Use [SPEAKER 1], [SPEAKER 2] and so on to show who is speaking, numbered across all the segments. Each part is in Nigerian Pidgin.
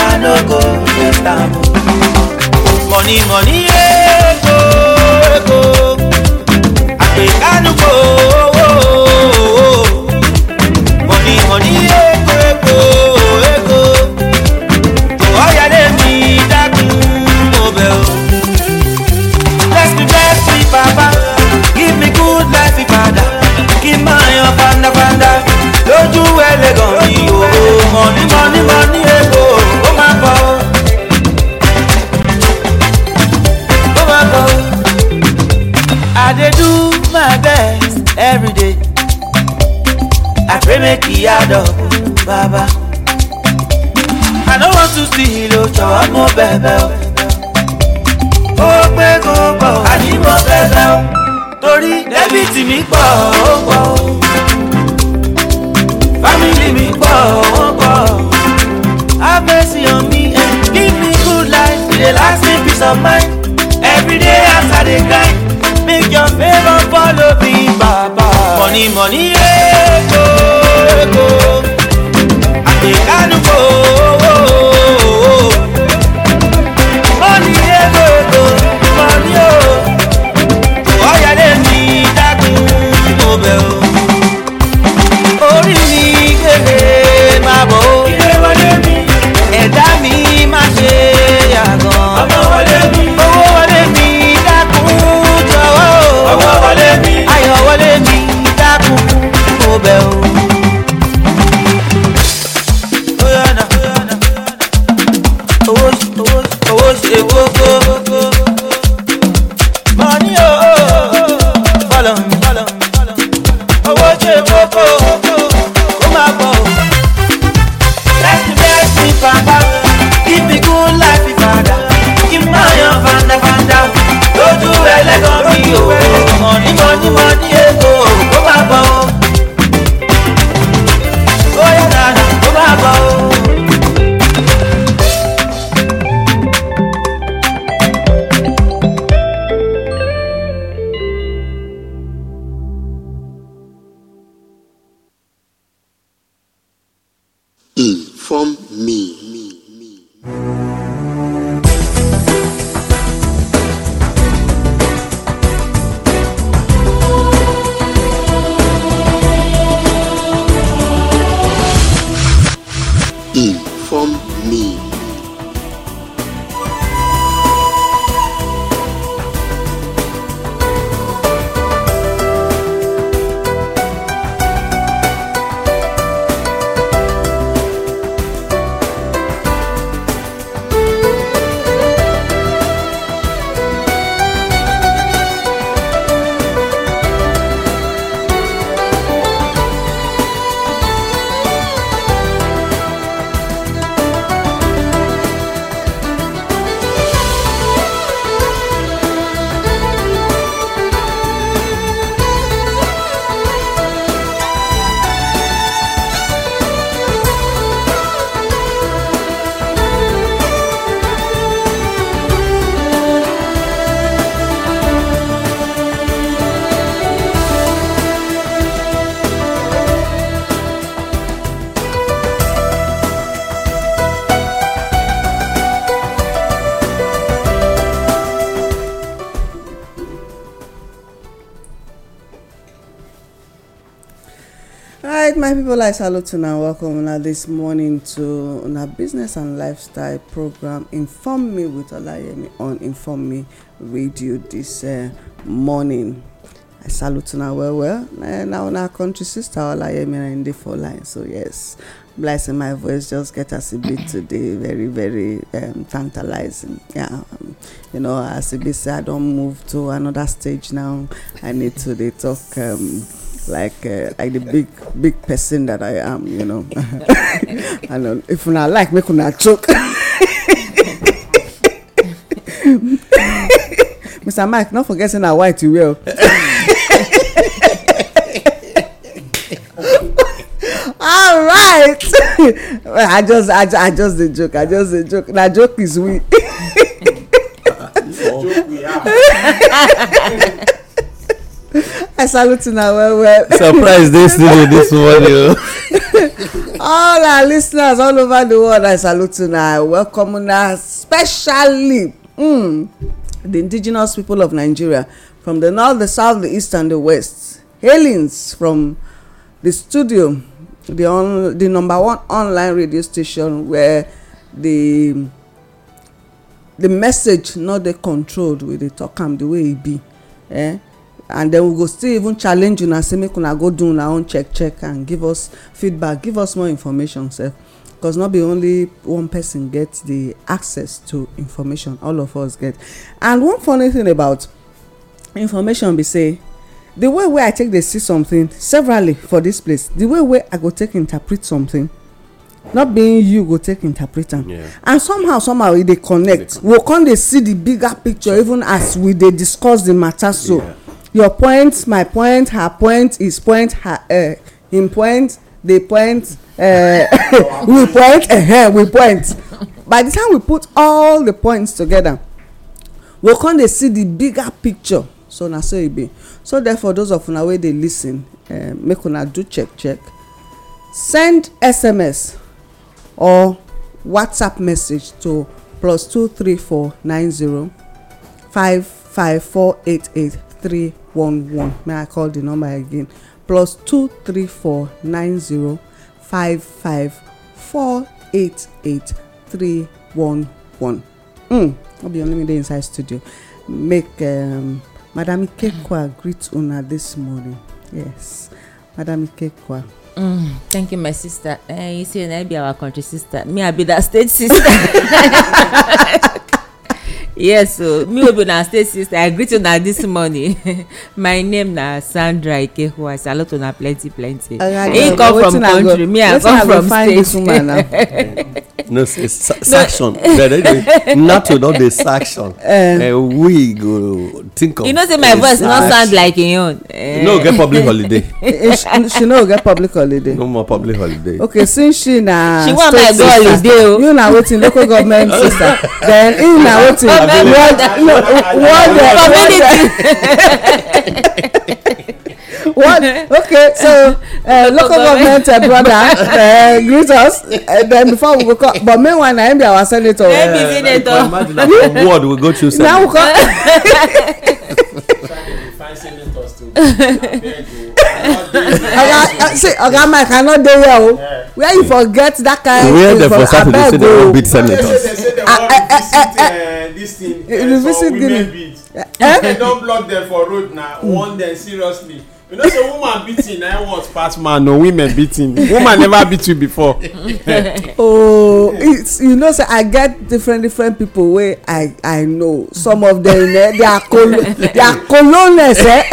[SPEAKER 1] i no go get am money money ego ego àgbékánu kò owó money money ego ego ego òwò ọ̀yàdé mi dákun mo bẹ̀ o. bless me bless me baba give me good life ìpadà kí n máa yan fandafanda lójú ẹlẹ́gàn mi o money money money. dey do my best every day i pray make e add up baba i no want to steal o jọ̀wọ́ mo bẹ̀bẹ̀ o ó pé kó pọ̀ àní mo bẹ̀bẹ̀ o torí dẹ́bìtì mi pọ̀ ó pọ̀ o fámìlì mi pọ̀ ó pọ̀ have mercy on me and give me good life e dey last me peace of mind every day as i dey grind your favor follow me, Baba. Money, money, eko, eko. I think I know.
[SPEAKER 2] people i salute una and welcome una this morning to una business and lifestyle program inform me with olayemi on inform me radio this eh, morning i salute una well well eh, na una country sister olayemi and dey for line so yes blessing my voice just get as e be today very very um, tantalizing yeah um, you know as e be say i don move to another stage now i need to dey talk um, like uh, like the big big person that I am, you know. and uh, if you not like, make not choke. Mr. Mike, not forgetting our white you will. All right. well, I just I, I just the joke. I just the joke. Now joke is we. joke we are i salute una well well surprise dey still this morning o all our listeners all over the world i salute una i welcome una especially mm, the indigenous people of nigeria from the north the south the east and the west hailings from the studio the on the number one online radio station where the the message no dey controlled we dey talk am the way e be eh and then we go still even challenge una say make una go do una own check check and give us feedback give us more information sef because not be only one person get the access to information all of us get and one funny thing about information be say the way wey i take dey see something severally for this place the way wey i go take interpret something not being you go take interpret am yeah. and somehow somehow e dey connect we we'll come dey see the bigger picture even as we dey discuss the matter so. Yeah your point my point her point his point her uh, him point they point uh, we point uh, we point by the time we put all the points together we we'll dey see the bigger picture so na so e be so therefore those of una wey dey lis ten uh, make una do check check send sms or whatsapp message to plus two three four nine zero five five four eight eight three one one may i call the number again plus two three four nine zero five five four eight eight three one one. Mm, obi only me dey inside studio make um, madam ikekwa
[SPEAKER 3] greet una this morning
[SPEAKER 2] yes madam ikekwa.
[SPEAKER 3] Mm, thank you my sister eh, you see na be our country sister me i be that state sister. yes o me wey be una state sister i greet una this morning my name na sandra ikehu i salute una plenty plenty he come from country me i come from state
[SPEAKER 4] no say saction
[SPEAKER 2] nato don dey saction we go think of you know say my voice no sound like
[SPEAKER 3] im own you no get public holiday
[SPEAKER 2] eh, eh, she no get public holiday no more public holiday okay since she na state sister oh. you na wetin local government sister then im na wetin One, community. one, what? Okay, so uh, local government uh, brother uh, greet us. Uh, then before we go call, but meanwhile, na him be our senator. Yeah, yeah, senator. Imagine that word we go through. Now we call. oga uh, see oga mike i no dey here o oh. where you for get that kind thing for abeg o this thing uh, eh, for women beat eh? if dem don
[SPEAKER 5] block dem for road na warn dem seriously you know say woman beating na worse pass man no women beating woman never beat you before.
[SPEAKER 2] oh it's you know say i get different different people wey i i know some of them eh their colon their colonels eh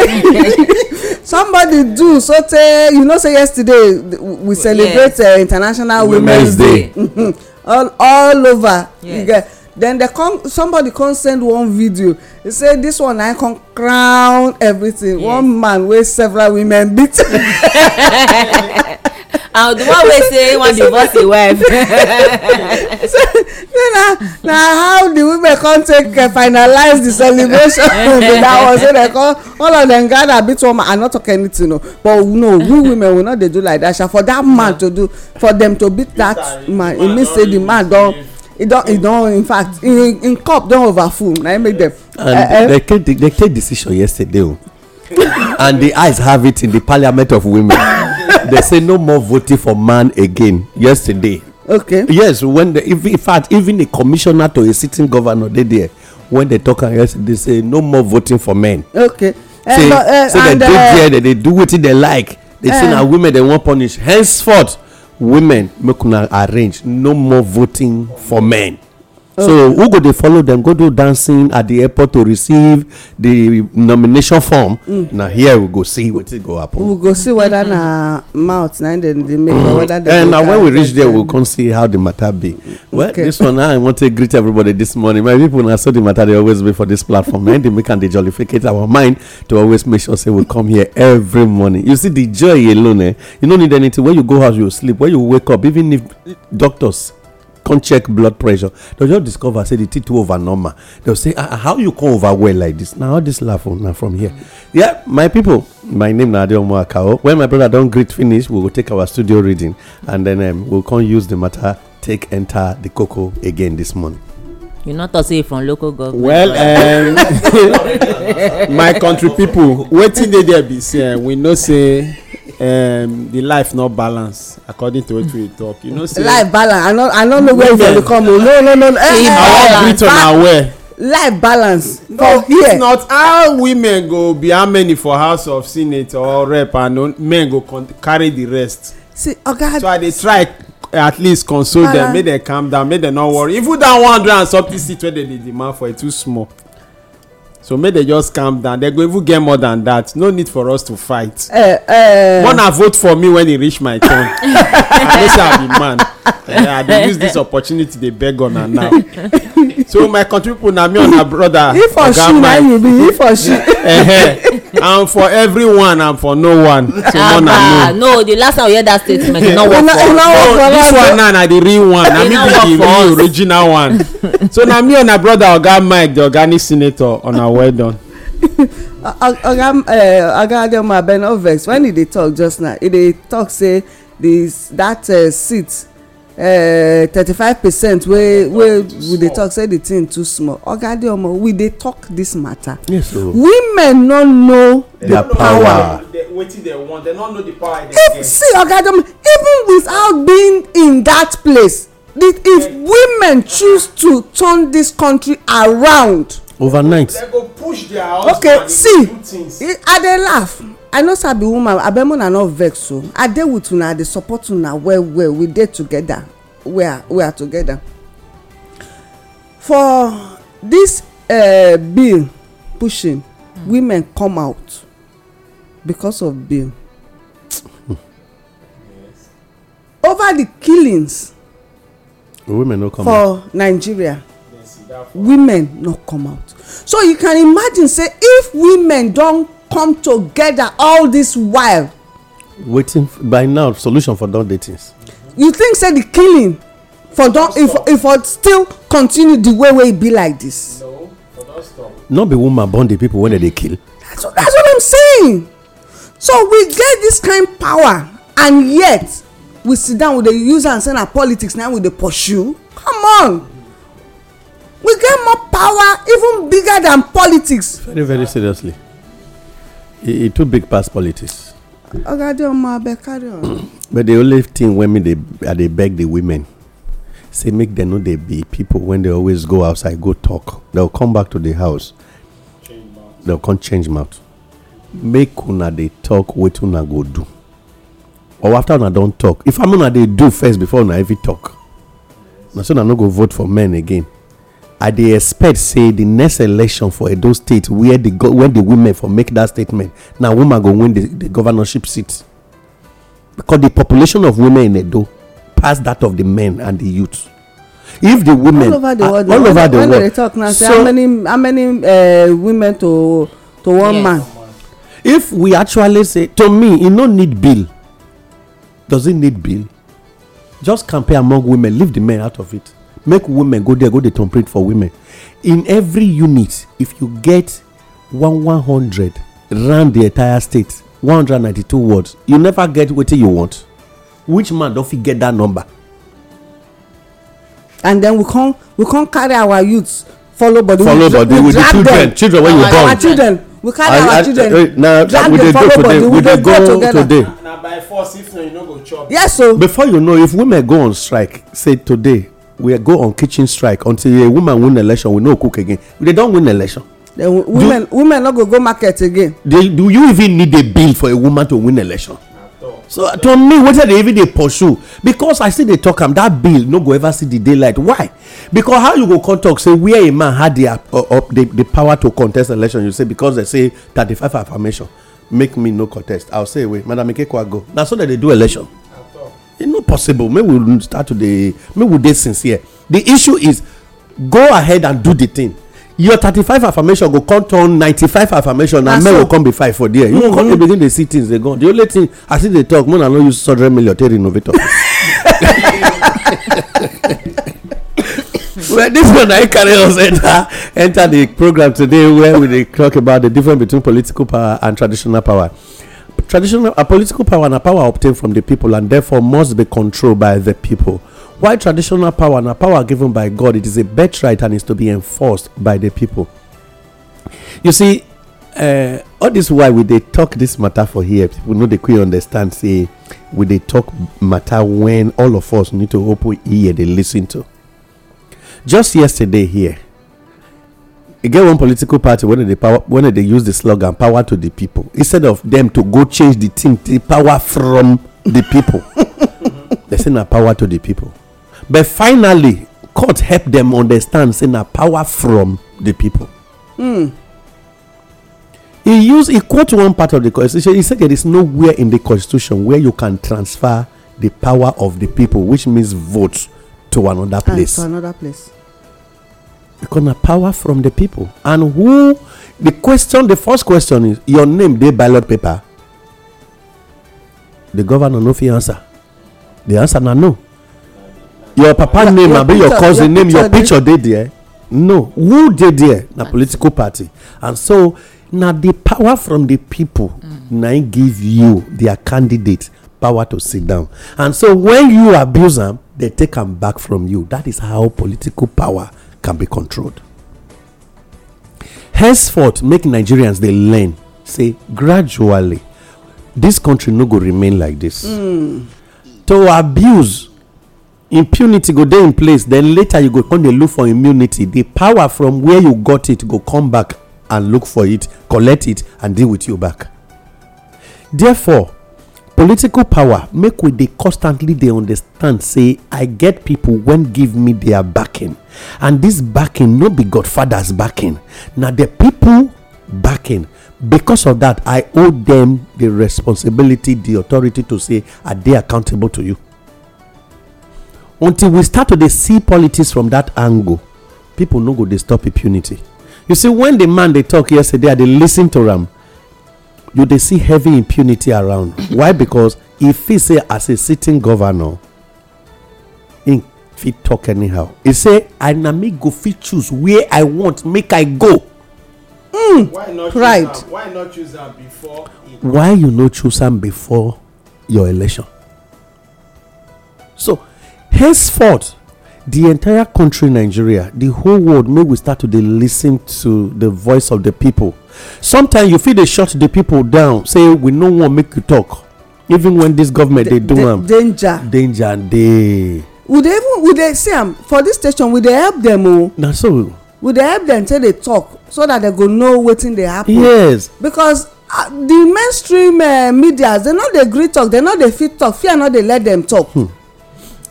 [SPEAKER 2] somebody do so tey you know say yesterday we celebrate uh, international women's day all all over you get then they come somebody come send one video He say this one i come crown everything one man wey several women beat
[SPEAKER 3] and the one wey say wan divorce im wife. so so na na how
[SPEAKER 2] the women come take uh, finalize the celebration with that one so dem come all of dem gather beat one man i no talk anything o but no we women we no dey do like that for that man to do for dem to beat that man e mean say the man don e don e don in fact im cup don overfull na im make dem. and uh, they
[SPEAKER 4] take decision yesterday o oh. and the eyes have it in the parliament of women they say no more voting for man again yesterday. okay yes when the even in fact even a commissioner to a sitting governor they there when they talk am yesterday say no more voting for men.
[SPEAKER 1] okay uh, so uh, say dem dey there dem
[SPEAKER 4] dey do what they like dey say uh. na women they won't punish henceforth women make una arrange no more voting for men. Oh. so who go dey follow dem go do dancing at di airport to receive di nomination form mm. na here we go see wetin go happen.
[SPEAKER 2] we go see whether na mm-hmm. mouth na dem dey make or whether dem na when we reach there we
[SPEAKER 4] come see how the matter be well this one i want to greet everybody this morning my people na so the matter dey always be for this platform and dey make am dey jollificate our mind to always make sure say we come here every morning you see the joy alone eh you no need anything when you go house you sleep when you wake up even if doctors come check blood pressure dem just discover say the T2 over normal They'll say ah, ah, how you come over well like this Now this laugh now from here yeah my people my name is adeomu akao when my brother don't greet finish we will take our studio reading and then um, we come use the matter take enter the cocoa again this month.
[SPEAKER 3] you not talk say from local government. well um, my country people waiting
[SPEAKER 5] dey there be say um, we know say um, the life no balance according to wetin we talk you know say. life
[SPEAKER 2] balance i no i no know where you dey come o no no no. Hey, eh, i eh, wan eh, greet una well. life balance. no it's
[SPEAKER 5] not how women go be how many for house of senate or rep and men go carry the rest. see oga. Okay, so i dey try at least console balance. them make them calm down make them no worry even that one hundred and something seat wey dem dey demand for e too small so make they just calm down dem go even get more than that no need for us to fight mona eh, eh. vote for me when e reach my turn i know say i be man eh, i dey use this opportunity dey beg una now so my country pipo na me and my brother oga mike if for shoe na
[SPEAKER 2] you be if for
[SPEAKER 5] shoe and for everyone and for no one so no na
[SPEAKER 3] no no the last time we hear that statement e no work for
[SPEAKER 5] us this one now na the real one na me be the real original one so na me and my brother oga mike the organic senator una well done.
[SPEAKER 2] oga eh, oga adeoma abenovex when e dey talk just now e dey talk say this that uh, seat Eh, thirty five percent wey wey we dey talk say the thing too small oga omo. we dey talk this matter yes o oh. women no know their power
[SPEAKER 5] wetin dem know the power dem
[SPEAKER 2] get see oga adeomo even without being in that place the, if women choose to turn this country around overnight okay see i dey laugh i know sabi woman abeg una no vex o i dey with una i dey support una well well we dey together we are we are together for this uh, bill pushing mm. women come out because of bill hmm. over the killings
[SPEAKER 4] women no come for
[SPEAKER 2] out. nigeria women no come out so you can imagine say if women don come together all this while
[SPEAKER 4] waiting by now solution for don dey things
[SPEAKER 2] you think say the killing for don if if for still continue the way wey e be like this. no
[SPEAKER 4] not be woman born the people wey dem dey kill
[SPEAKER 2] that's what i'm saying so we get this kind power and yet we sit down we dey use am say na politics na we dey pursue come on we get more power even bigger than politics
[SPEAKER 4] very very seriously e e too big pass politics
[SPEAKER 2] oga adeoma abeg carry on
[SPEAKER 4] but the only thing wey me dey i dey beg the women say make dem no dey be people wey dey always go outside go talk dem come back to the house dem come change mouth make una dey talk wetin una go do or after una don talk if am una dey do first before una even talk na so una no go vote for men again i dey expect say the next election for edo state where the wia the women for make that statement na woman go win the governorship seat because the population of women in edo pass that of the men and the youth if the women all over the world all over the world talk
[SPEAKER 2] now say how many how many eh, women to to one man
[SPEAKER 4] if we actually say to me e no need bill does it need bill just campaign among women leave the men out of it make women go there go dey temperate for women in every unit if you get one one hundred round the entire state one hundred and ninety-two words. you never get wetin you want which man don fit get dat number.
[SPEAKER 2] and then we come we come carry our youths follow body follow we, body we, the children them. children wey you born our children we carry I, our I, children
[SPEAKER 4] uh, now, we them follow today, we dey go, today.
[SPEAKER 5] na by force if no you no
[SPEAKER 4] go chop. yes o. Oh. So. before you know if women go on strike say today we go on kitchen strike until a woman win election we no cook again they don win election.
[SPEAKER 2] Then women do, women no go go market again. They, do you
[SPEAKER 4] even need a bill for a woman to win election? So to me wetin dey even dey pursue because I still dey talk am um, that bill no go ever see the daylight why? Because how you go come talk say where a man had the, uh, uh, the the power to contest election you say because they say thirty-five affirmation make me no contest I will say wait Madam Ikekwa go na so dem dey do election e not possible make we start to dey make we dey sincere the issue is go ahead and do the thing your thirty-five affirmation go come turn ninety-five affirmation and men go come be five for there you mm-hmm. come dey begin dey see things dey go the only thing I you dey talk mona no use hundred million take renovate office. well this one na carry us enter enter the program today where we dey talk about the difference between political power and traditional power. traditional a political power and a power obtained from the people and therefore must be controlled by the people Why traditional power and a power given by god it is a birthright and is to be enforced by the people you see uh, all this why we they talk this matter for here people know they quick understand say we they talk matter when all of us need to open ear they listen to just yesterday here e get one political party wey dey power wey dey use the slogan power to the people instead of them to go change the thing The power from the people they say na power to the people but finally court help them understand say na power from the people. Mm. he use he quote one part of the constitution he said there is nowhere in the constitution where you can transfer the power of the people which means vote ah, to another place. And to another place because na power from the people and who the question the first question is your name dey ballot paper the governor no fit answer the answer na no your papa name abi your cousin name your picture dey there no who dey there na political party and so na the power from the people mm. na give you their candidate power to sit down and so when you abuse am they take am back from you that is how political power can be controlled. Henceforth, make Nigerians they learn, say gradually, this country no go remain like this. Mm. To abuse, impunity go there in place, then later you go come they look for immunity. The power from where you got it go come back and look for it, collect it, and deal with you back. Therefore, political power make we dey constantly dey understand say i get pipo wen give me dia backing and dis backing no be godfathers backing na di pipo backing because of dat i owe dem di responsibility di authority to say i dey accountable to you until we start to dey see politics from dat angle pipo no go dey stop impunity you see wen di man dey talk yesterday i dey listen to am you dey see heavy impunity around why because e feel say as a sitting governor im fit talk anyhow e say i na me go fit choose where i want make i go mm, pride
[SPEAKER 5] why not choose
[SPEAKER 4] why you no choose am before your election so henceforth the entire country nigeria the whole world make we start to dey listen to the voice of the people sometimes you fit dey shut the people down say we no wan make you talk even when this government dey do am danger danger dey
[SPEAKER 2] we dey even we dey see am for this station we dey help dem o oh. na so we dey help dem say dey talk so that dem go know wetin dey happen yes because uh, the mainstream eh, media dem no dey gree talk dem no dey fit talk fear no dey let dem talk hmm.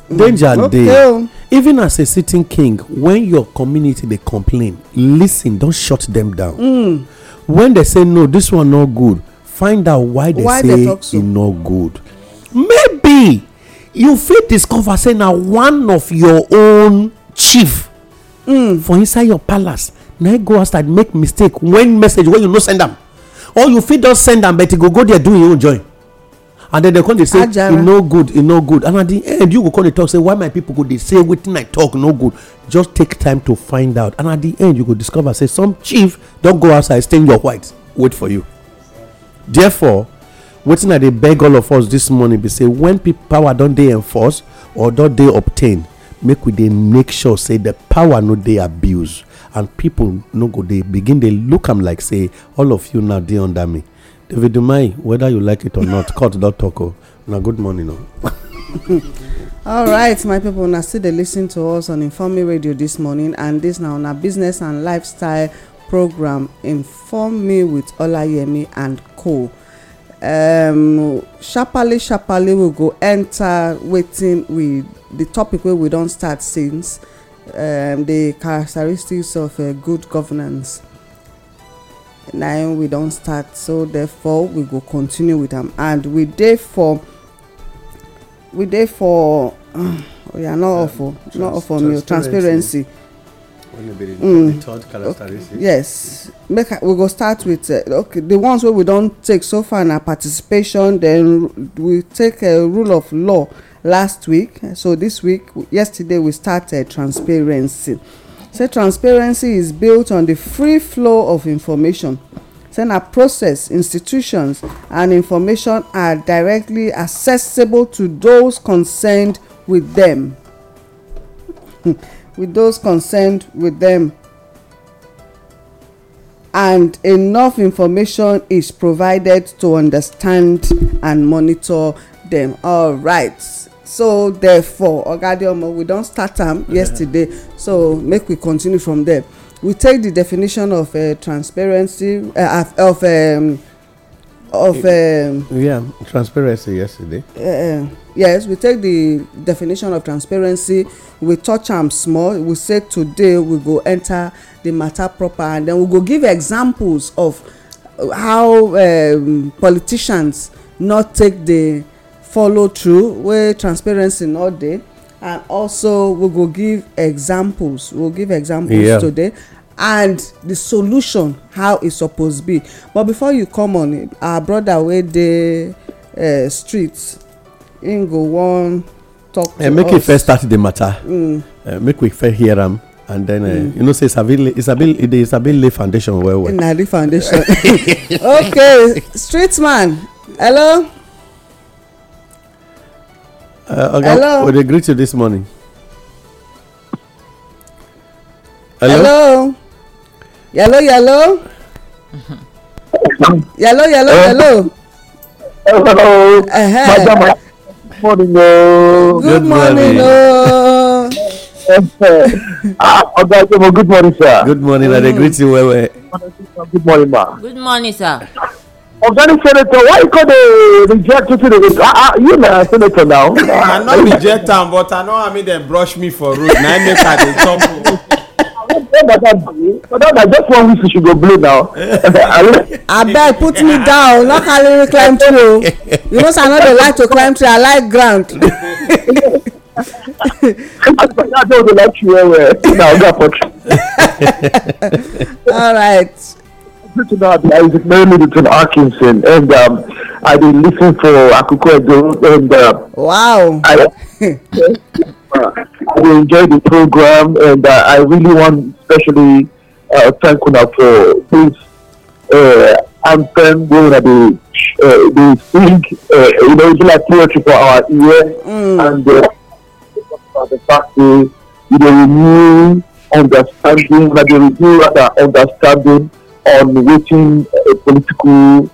[SPEAKER 4] danger dey oh even as a sitting king when your community dey complain listen don shut them down mm. when they say no this one no good find out why they say they so. e no good maybe you fit discover say na one of your own chief mm. for inside your palace na go outside make mistake when message wey you no send am or you fit don send am but e go go there do im own join and then dem come dey say e no good e no good and at the end you go come dey talk say why my people go dey say wetin i talk no good just take time to find out and at the end you go discover say some chief don go outside stain your white wait for you therefore wetin i dey beg all of us this morning be say when power don dey enforced or don dey obtained make we dey make sure say the power no dey abused and people no go dey begin dey look am like say all of you now dey under me david umai whether you like it or not cut don talk o na good morning o.
[SPEAKER 2] all right my people una still dey lis ten to us on informe radio this morning and this na una business and lifestyle program inform me with olayemi and co um, sharparly sharparly we go enter wetin we the topic wey we don start since um, the characteristics of uh, good governance na we don start so therefore we go continue with am um, and we dey for we dey for oya oh not offer, um, o not offer on me transparency mm. yes make we go start with uh, okay the ones wey we don take so far na participation then we take a rule of law last week so this week yesterday we start transparency say transparency is built on the free flow of information say na process institutions and information are directly accessible to those concerned with them with those concerned with them and enough information is provided to understand and monitor them all right so therefore oga adeomo we don start am yesterday so make we continue from there we take the definition of uh, transparency uh, of um, of eh, um,
[SPEAKER 4] yeah transparency yesterday
[SPEAKER 2] uh, uh, yes we take the definition of transparency we touch am small we say today we go enter the matter proper and then we go give examples of how um, politicians not take the follow through wey transparency no dey and also we go give examples we go give examples today and the solution how e suppose be but before you come on our brother wey dey eh, street him go wan talk eh, to us make we first start the matter mm.
[SPEAKER 4] eh, make we first hear am and then mm. you know say sabi lay foundation well well
[SPEAKER 2] na lay foundation okay street man hello
[SPEAKER 4] Uh, okay. Hello. We well, greet you this morning.
[SPEAKER 2] Hello. Hello. Yellow, yellow. yellow, yellow, eh? yellow. Hello. Uh-huh. Good morning, Good
[SPEAKER 6] morning, oh. oh. ah, okay, good morning, sir. Good morning, mm. I greet you well. Good morning, ma.
[SPEAKER 3] Good morning, sir.
[SPEAKER 6] Organic senator, why you call the reject you to the ah ah you na senator now. I no
[SPEAKER 5] reject am but I know how make dem brush me for road na make I dey tumble.
[SPEAKER 6] I just one week you should go blue now.
[SPEAKER 2] Abeg put me down, no carry me climb tree o. Oh. You know say I no dey like to climb tree, I like ground. I don't like you well Now go for
[SPEAKER 6] All right. Good to be Isaac Merlington Atkinson, and um, I've been listening for Akuku and uh, wow, I, uh, I will enjoy the program, and uh, I really want, especially, uh, thank Una for this uh, anthem. We're gonna be uh, they sing, uh, you know, it's like poetry for our ear, mm. and uh, the fact that you know, we knew understanding, that we knew understanding. on waiting a uh, political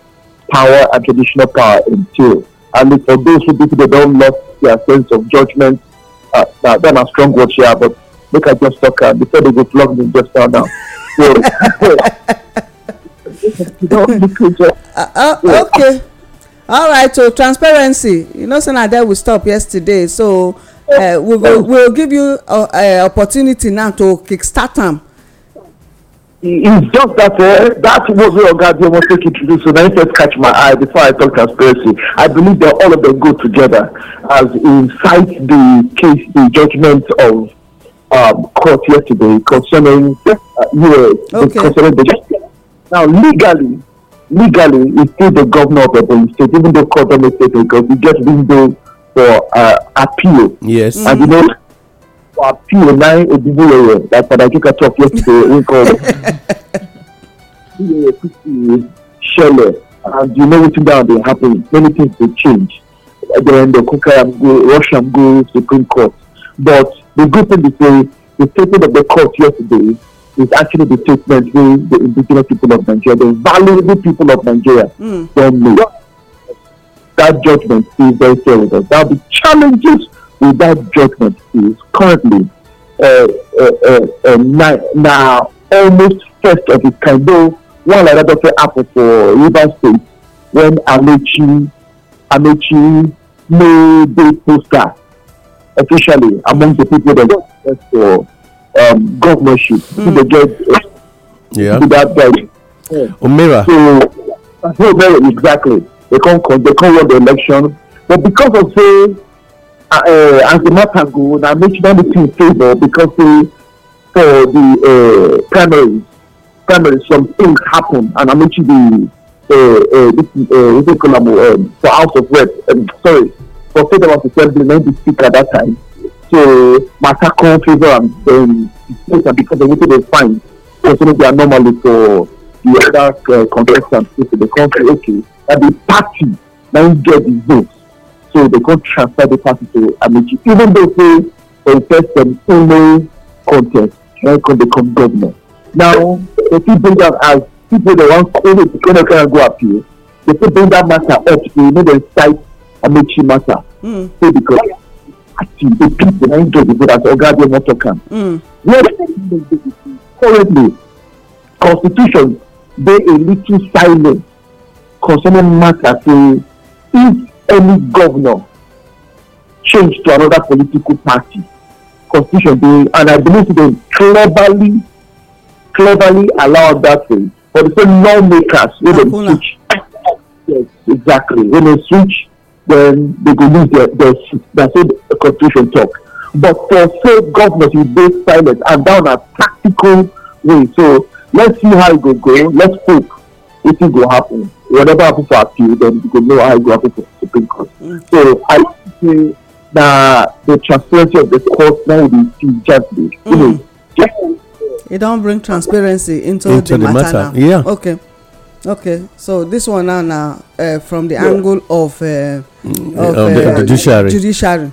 [SPEAKER 6] power and traditional power entail. And for those who think they don't lost their sense of judgment, uh, now, they're not strong words Yeah, but look I just talk uh, before they go plug me just now now.
[SPEAKER 2] So, uh, uh, okay. All right, so transparency. You know, so now that we stop yesterday. So uh, we'll, go, we'll give you an uh, uh, opportunity now to kickstart them
[SPEAKER 6] it's just that uh, that was where Ogadio was taking to do. So then just catch my eye before I talk conspiracy. I believe that all of them go together as incite the case, the judgment of um, court yesterday concerning uh, US, okay. concerning the justice. Now, legally, legally, it's still the governor of the State, even though court doesn't state because we just been doing for uh, appeal. Yes. Mm-hmm. And you know, for appeal nine Odigboyeye like Father talk yesterday we call it. Odigboyeye quickly and you know what's going to happen many things will change then the quick carry am go Russian go Supreme Court but the good thing be say the statement of the court yesterday is actually the statement wey the indigenous people of Nigeria the valuable people of Nigeria mm. don make that judgment is very serious there will be challenges if that judgment is currently uh, uh, uh, now, uh, now almost first of its kind, though one like that doesn't for Rivers State when Amechi Amechi made the poster officially among the people that got for um, governorship. Mm. They get yeah. to that guy.
[SPEAKER 5] Yeah. Oh, Omera.
[SPEAKER 6] So, exactly. They can't, they can't win the election. But because of, say, uh, ah, eh, anti-matango na national meeting favour because say for the uh, eh, primary primaries some things happen and amechi dey uh, uh, this uh, um, for house of rep um, sorry for state house assembly na be speaker that time so matter come favour am then the state because of wetin dey find so so no be anomaly for the other uh, contestants so the country. okay na the party na im get the vote So they can't transfer the party to Amici, even though they contest them only contest, they Can become government. Now, the people that as people that want COVID, they cannot kind of go appeal. They put bring that matter up to you know the site Amici matter.
[SPEAKER 1] Mm. So because
[SPEAKER 6] actually the people that enjoy the vote as Ogadio Motor
[SPEAKER 1] can.
[SPEAKER 6] currently, constitution, they a little silent concerning matter. to if any governor change to another political party constitution dey and i believe say dem cleverly cleverly allow that thing for the same lawmakers wey dem switch yes exactly when dem switch then they go lose their their seat na so the constitution talk but for say governors you dey silent and that na tactical way so let's see how e go go let's hope wetin go happen whenever people appeal, then you go know how you go to Supreme Court. Mm. So I like say that the transparency of the court now will see judgment. Mm.
[SPEAKER 2] You know, It don't bring transparency into, into the, the matter, matter. Now. Yeah. Okay. Okay, so this one now, now uh, from the yeah. angle of, uh, mm, of, of um, the, uh, judiciary. Judiciary.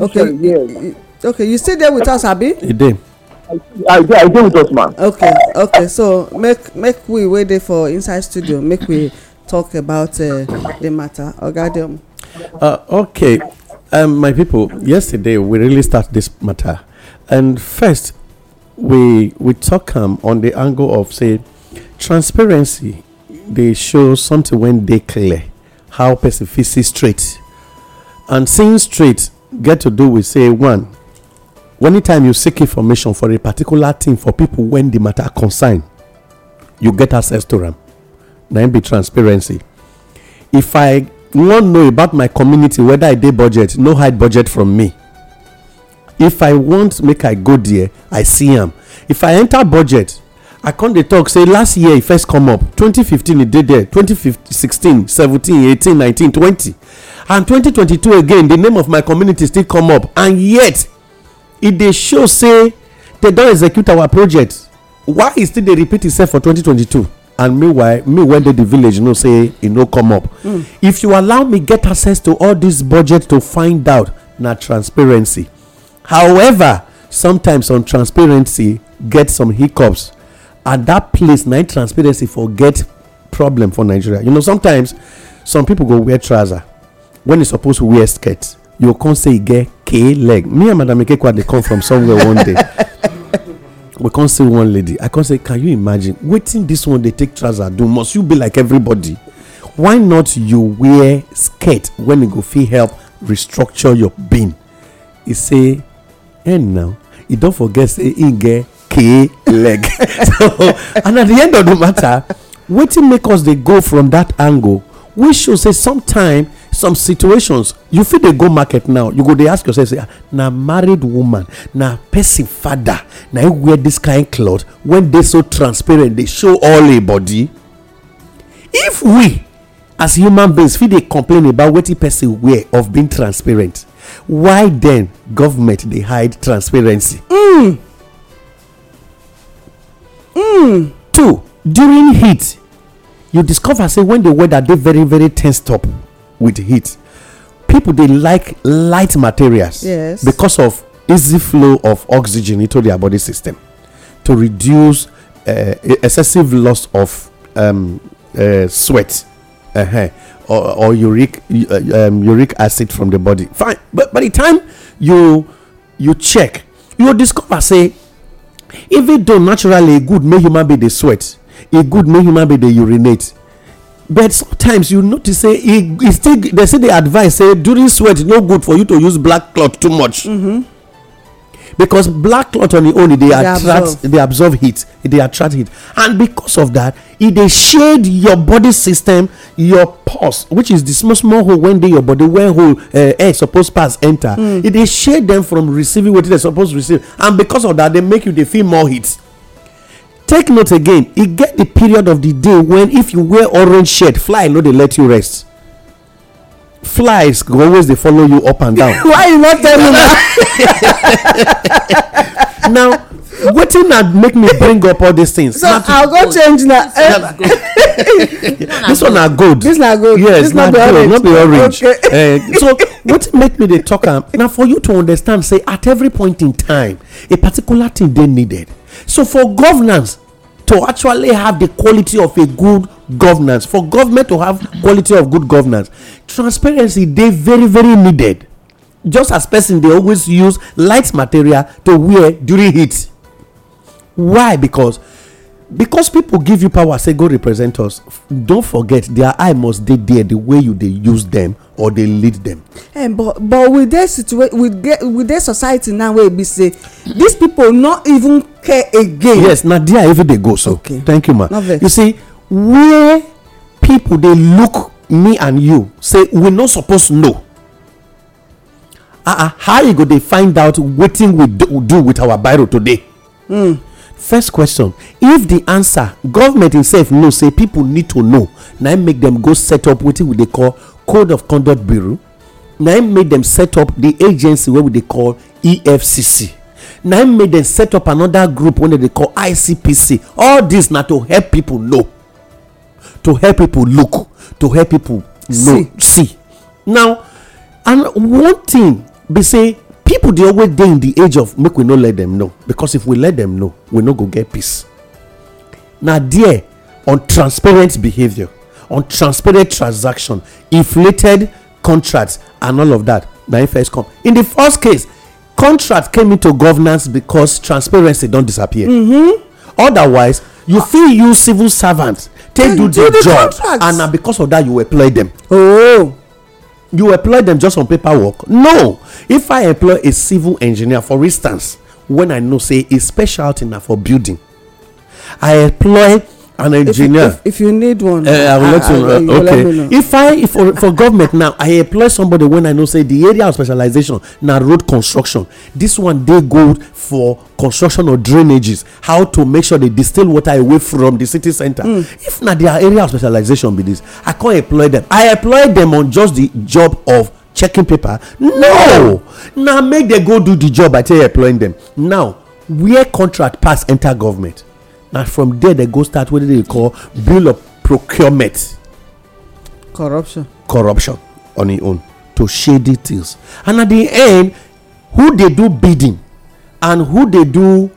[SPEAKER 2] Okay. Judiciary, yes. Okay, you stay there with us, Abi? It
[SPEAKER 1] did
[SPEAKER 6] i dey i
[SPEAKER 2] dey with us ma. okay okay so make make we wey dey for inside studio make we talk about uh, the matter oga dem.
[SPEAKER 4] Uh, okay um, my people yesterday we really start this matter and first we we talk um, on the angle of say transparency dey show something when dey clear how person fit see straight and seeing straight get to do with say one anytime you seek information for a particular thing for people when the matter concern you get access to am na be transparency if i wan know about my community whether i dey budget no hide budget from me if i want make i go there i see am if i enter budget i come dey talk say last year e first come up 2015 e dey there 2016 17 18 19 20 and 2022 again the name of my community still come up and yet e dey show say dem don execute our project why e still dey repeat itself for 2022 and meanwhile me wey dey the village know say e no come up hmm. if you allow me get access to all this budget to find out na transparency however sometimes on transparency get some hiccups and that place na transparency for get problem for nigeria you know sometimes some people go wear trouser when e suppose wear skirt you come say e get k leg me and madam ikekwa they come from somewhere one day we can't see one lady i can't say can you imagine waiting this one They take trousers. do must you be like everybody why not you wear skirt when you go fit help restructure your being e say end eh, now You don't forget say e get k leg so and at the end of the matter waiting make us dey go from that angle We should say sometime some situations you fit dey go market now you go dey ask yourself say ah, na married woman na person father na him wear dis kind cloth when dey so transparent dey show all im body if we as human beings fit dey complain about wetin person wear of being transparent why then government dey hide transparency Mm. Mm. two during heat you discover say when the weather dey very very tensed up with heat people they like light materials yes because of easy flow of oxygen into their body system to reduce uh, excessive loss of um, uh, sweat uh-huh, or, or uric uh, um, uric acid from the body fine but by the time you you check you discover say even though naturally good may human be the sweat e good may human be the urinate but sometimes you notice say eh, e still they say the advice, say eh, during sweat no good for you to use black cloth too much mm-hmm. because black cloth on e own e dey attract e dey absorb heat e dey attract heat and because of that e dey shade your body system your pores which is the small small hole wey dey your body where hole eh, air suppose pass enter e hmm. dey shade dem from receiving wetin dem suppose receive and because of that dey make you dey feel more heat take note again e get the period of the day when if you wear orange shirt fly no dey let you rest flies go always dey follow you up and down why you not tell me that now wetin na make me bring up all these things so
[SPEAKER 2] i go change na eh?
[SPEAKER 4] this one na gold this na gold yes na gold not be orange Okay. Eh, so wetin make me dey talk am na for you to understand say at every point in time a particular thing dey needed so for governance to actually have the quality of a good governance for government to have quality of good governance transparency dey very very needed just as person dey always use light material to wear during heat why because because people give you power say go represent us Don't forget their eye must dey there the way you dey use them or dey lead them.
[SPEAKER 2] Um, but but with their situation with dey with their society now wey e be say these people no even care again. yes
[SPEAKER 4] na there even dey go so. okay thank you ma.
[SPEAKER 2] you see where people dey look me
[SPEAKER 4] and you say we no suppose know. Uh, uh, how you go dey find out wetin we do, do with our biro today. Mm first question if the answer government itself know say people need to know na im make dem go set up wetin we dey call code of conduct bureau na im make dem set up the agency wey we dey call efcc na im make dem set up another group wey dem dey call icpc all this na to help people know to help people look to help people know see now and one thing be say people dey always dey in the age of make we no let them know because if we let them know we no go get peace na there on transparent behaviour on transparent transaction inflated contracts and all of that na im first come in the first case contract came into governance because transparency don disappear mm-hmm. otherwise you fit use civil servants take do their job and na because of that you employ them. oh you employ them just on paperwork no if i employ a civil engineer for instance when i know say a specialty na for building i employ an engineer if, if,
[SPEAKER 2] if you need one uh, i will let you know okay if
[SPEAKER 4] i for for government now i employ somebody when i know say the area of specialization na road construction this one dey good for construction of drainages how to make sure they distill water away from the city center mm. if na their area of specialization be this i come employ them i employ them on just the job of checking paper no na make they go do the job i tell you employing them now where contract pass enter government na from there they go start wetin they call bill of procurement corruption corruption on im own to shady things and at di end who dey do bidding and who dey do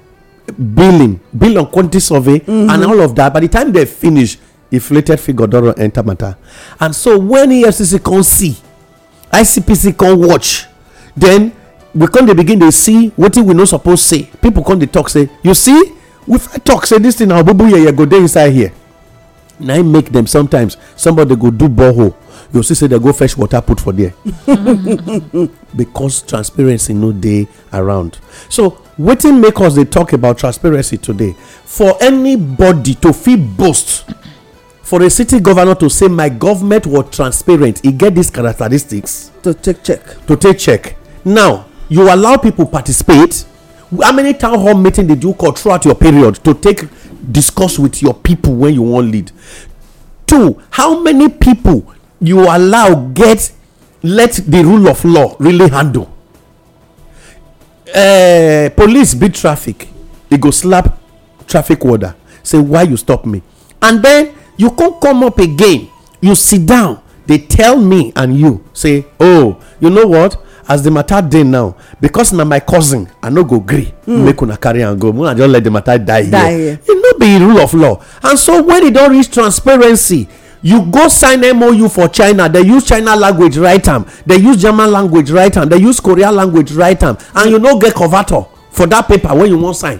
[SPEAKER 4] billing bill on quantity survey and mm-hmm. all of that by the time they finish inflated figure don enter matter and so when efcc come see icpc come watch then we come dey begin dey see wetin we no suppose say people come dey talk say you see we fit talk say this thing na obubu yeye go dey inside here na im make dem sometimes somebody go do borehole you see say dem go fetch water put for there mm. because transparency no dey around so wetin make us dey talk about transparency today for anybody to fit boast for a city governor to say my government was transparent e get these characteristics to take check to take check now you allow people participate how many town hall meeting did you call throughout your period to take discuss with your people when you wan lead two how many people you allow get let the rule of law really handle uh, police beat traffic e go slap traffic warder say why you stop me and then you come come up again you sit down dey tell me and you say oh you know what as the matter dey now because na my cousin i no go gree hmm. make una carry am go una just let the matter die here e no be rule of law and so when e don reach transparency you go sign mou for china they use china language write am they use german language write am they use korean language write am and you no get converter for dat paper wey you wan sign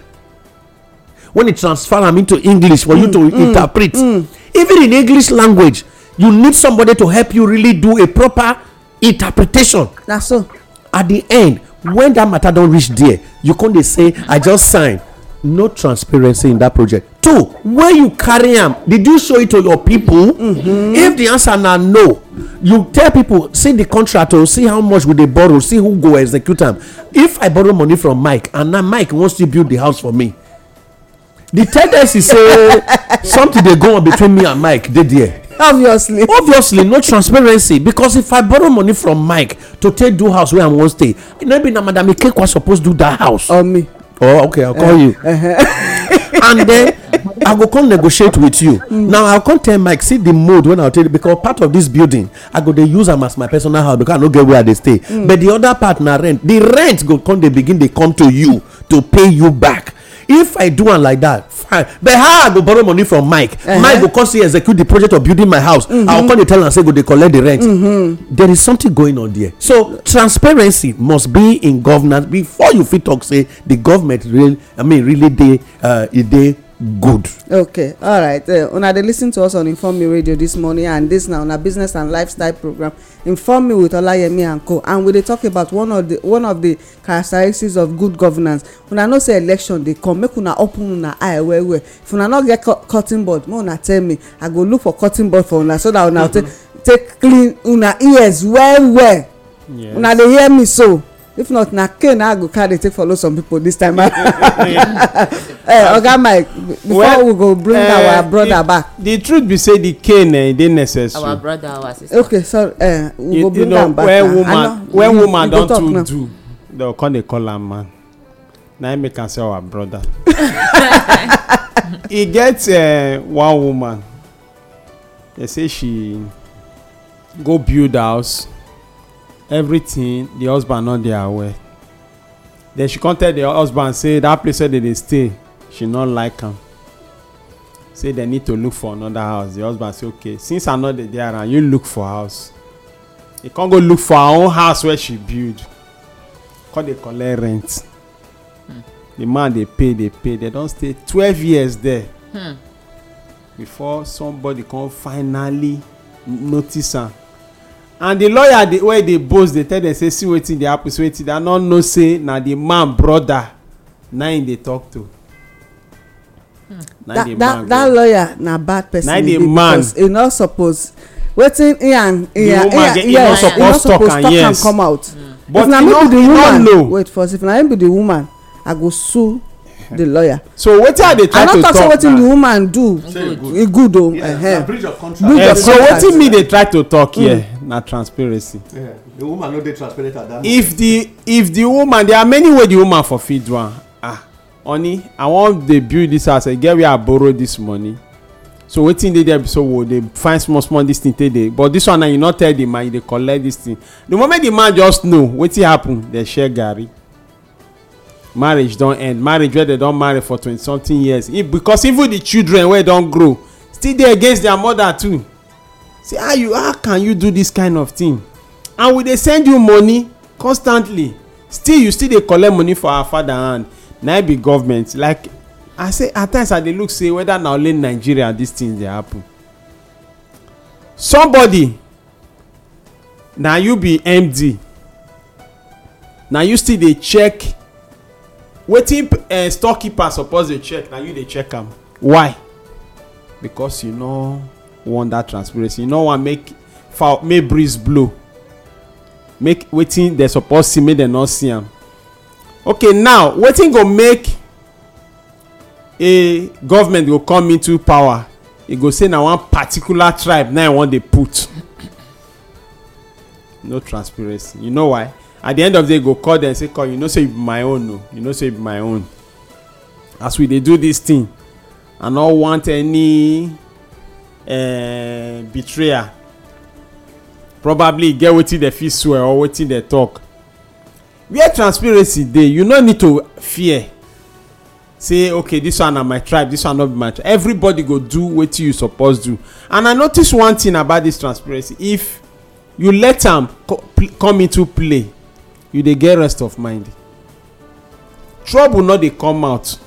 [SPEAKER 4] when e transfer am into english for you hmm, to hmm, interpret even in english language you need somebody to help you really do a proper interpretation na so at the end when that matter don reach there you come dey say i just sign no transparency in that project two when you carry am did you show it to your pipo mm-hmm. if the answer na no you tell people see the contract o oh, see how much we dey borrow see who go execute am if i borrow money from mike and na mike wan still build the house for me di tendency say something dey go on between me and mike dey there obviously obviously no transparency because if i borrow money from mike to take do house wey i wan stay e no be na madam ikekwa suppose do that house or me oh okay i'll call eh, you eh, eh. and then i go come negotiate with you mm. now i come tell mike see the mood wey i tell you because part of this building i go dey use am as my personal house because i no get where i dey stay mm. but the other part na rent the rent go come dey begin dey come to you to pay you back if i do am like that fine but how i go borrow money from mike uh-huh. mike go come see execute the project of building my house i mm-hmm. will come dey tell am say go dey collect the rent
[SPEAKER 1] mm-hmm.
[SPEAKER 4] there is something going on there so transparency must be in governance before you fit talk say the government really i mean really dey uh, e dey good
[SPEAKER 2] okay all right uh, una dey listen to us on inform radio this morning and dis na una business and lifestyle program inform me with olayemi and co and we dey talk about one of the one of the characteristics of good governance una know say election dey come make una open una eye well well if una no get cutting board make una tell me i go look for cutting board for una so that una mm-hmm. take clean una ears well well una dey hear me so if not na cane i go carry take follow some people this time eh oga mike before we go bring our eh, brother back the truth be say the cane eh, dey necessary our
[SPEAKER 3] brother our sister
[SPEAKER 2] okay sorry eh we go bring am back When now when woman don too do
[SPEAKER 5] dem come dey call am man na im make am say our brother
[SPEAKER 2] e
[SPEAKER 5] get eh, one woman dey say she go build house everything the husband no dey aware then she come tell the husband say that place wey they dey stay she no like am say they need to look for another house the husband say okay since i no dey dey around you look for house he come go look for her own house wey she build come dey collect rent hmm. the man dey pay dey pay they don stay twelve years there hmm. before somebody come finally notice am and the lawyer dey wey dey boast dey tell dem say see wetin dey happen see wetin dey i no know say na the man brother na him dey talk to. that that that
[SPEAKER 2] lawyer na bad person na the man because he no suppose wetin he and he and he yes he no suppose talk am come out but if na me be the woman wait first if na him be the woman i go sue the lawyer. so wetin i dey try to talk now i no talk say wetin the woman do e, e good o. breach
[SPEAKER 5] of contract eh, so wetin me dey try to talk here mm na transparency
[SPEAKER 4] yeah the woman no dey transparent at that if the if the woman
[SPEAKER 5] there are many way the woman for fit do am ah honey i wan dey build this house i get where i borrow this money so wetin dey there so we dey find small small this thing take dey but this one na you no tell the man you dey collect this thing the moment the man just know wetin happen dey share garri marriage don end marriage wey dem don marry for twenty something years if because even the children wey don grow still dey against their mother too say how you how can you do this kind of thing and we dey send you money constantly still you still dey collect money for our father hand na be government like i say at times i dey look say whether na only nigeria these things dey happen somebody na you be md na you still dey check wetin uh, storekeeper suppose dey check na you dey check am why because you no. Know, want that transparency you no wan make fowl make breeze blow make wetin dem suppose see make dem no see am okay now wetin go make a government go come into power e go say na one particular tribe na im wan dey put no transparency you know why at the end of the day e go call dem say call you know say you be my own o oh. you know say you be my own as we dey do this thing i no want any Eh, betrayal probably e get wetin dem fit swear or wetin dem talk where transparency dey you no need to fear say okay this one na my tribe this one no be my tribe everybody go do wetin you suppose do and i notice one thing about this transparency if you let am co come into play you dey get rest of mind trouble no dey come out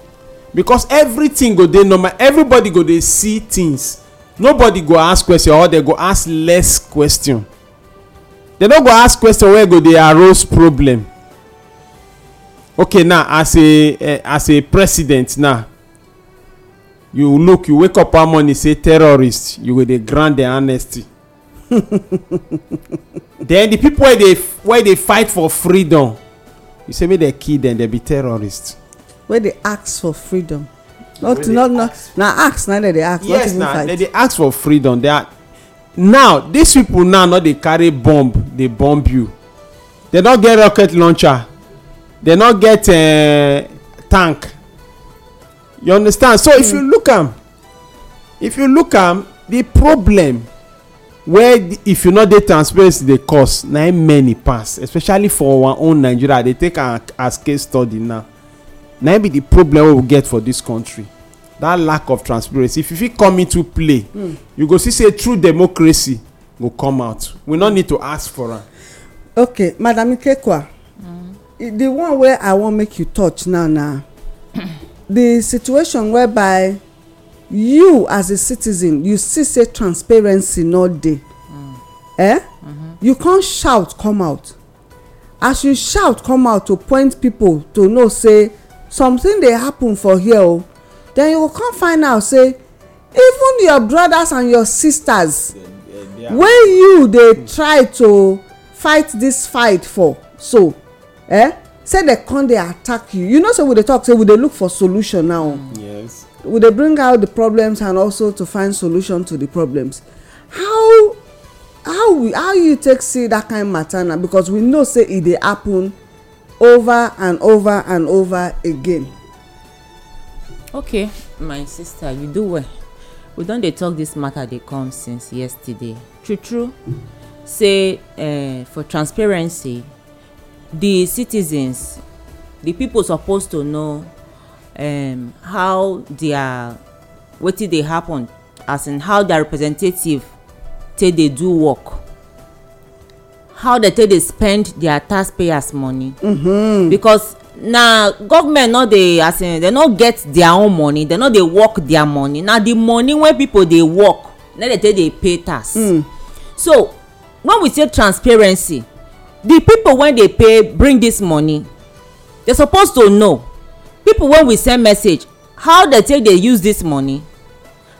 [SPEAKER 5] because everything go dey normal everybody go dey see things nobody go ask question or they go ask less question They no go ask question wey go dey arose problem okay now as a eh, as a president now you look you wake up one morning say terrorist you go dey grant dem amnesty then the people wey dey fight for freedom you say make dem kill dem dem be terrorist
[SPEAKER 2] wey dey ask for freedom not not not na ask na dem dey ask yes na dem
[SPEAKER 5] dey ask for freedom they are now dis pipo now no dey carry bomb dey bomb you dem no get rocket launcher dem no get eh, tank you understand so if hmm. you look am if you look am the problem wey if you no dey transparency dey cause na many pass especially for our own nigeria i dey take as case study now na be the problem wey we get for this country that lack of transparency if you fit come into play hmm. you go see say true democracy go come out
[SPEAKER 2] we no need to ask for am okay madam ikekwa hmm. the one wey i wan make you touch now na the situation whereby you as a citizen you see say transparency no dey hmm. eh mm-hmm. you con shout come out as you shout come out to point people to know say something dey happen for here o then you go come find out say even your brothers and your sisters wey you dey try to fight this fight for so eh say dem come dey attack you you know say we dey talk say we dey look for solution now yes we dey bring out the problems and also to find solution to the problems how how we how you take see that kind matter na because we know say e dey happen over and over and over again.
[SPEAKER 3] okay my sister you do well we don dey talk this matter dey come since yesterday true true say uh, for transparency the citizens the people suppose to know um, how their wetin dey happen as in how their representative take dey do work how they take dey spend their taxpayers money mm-hmm. because na government no dey as in dem no get their own money They no dey work their money na the money wey people dey work na they take dey pay tax mm. so when we say transparency the people wey dey pay bring this money they suppose to know people wey we send message how they take dey use this money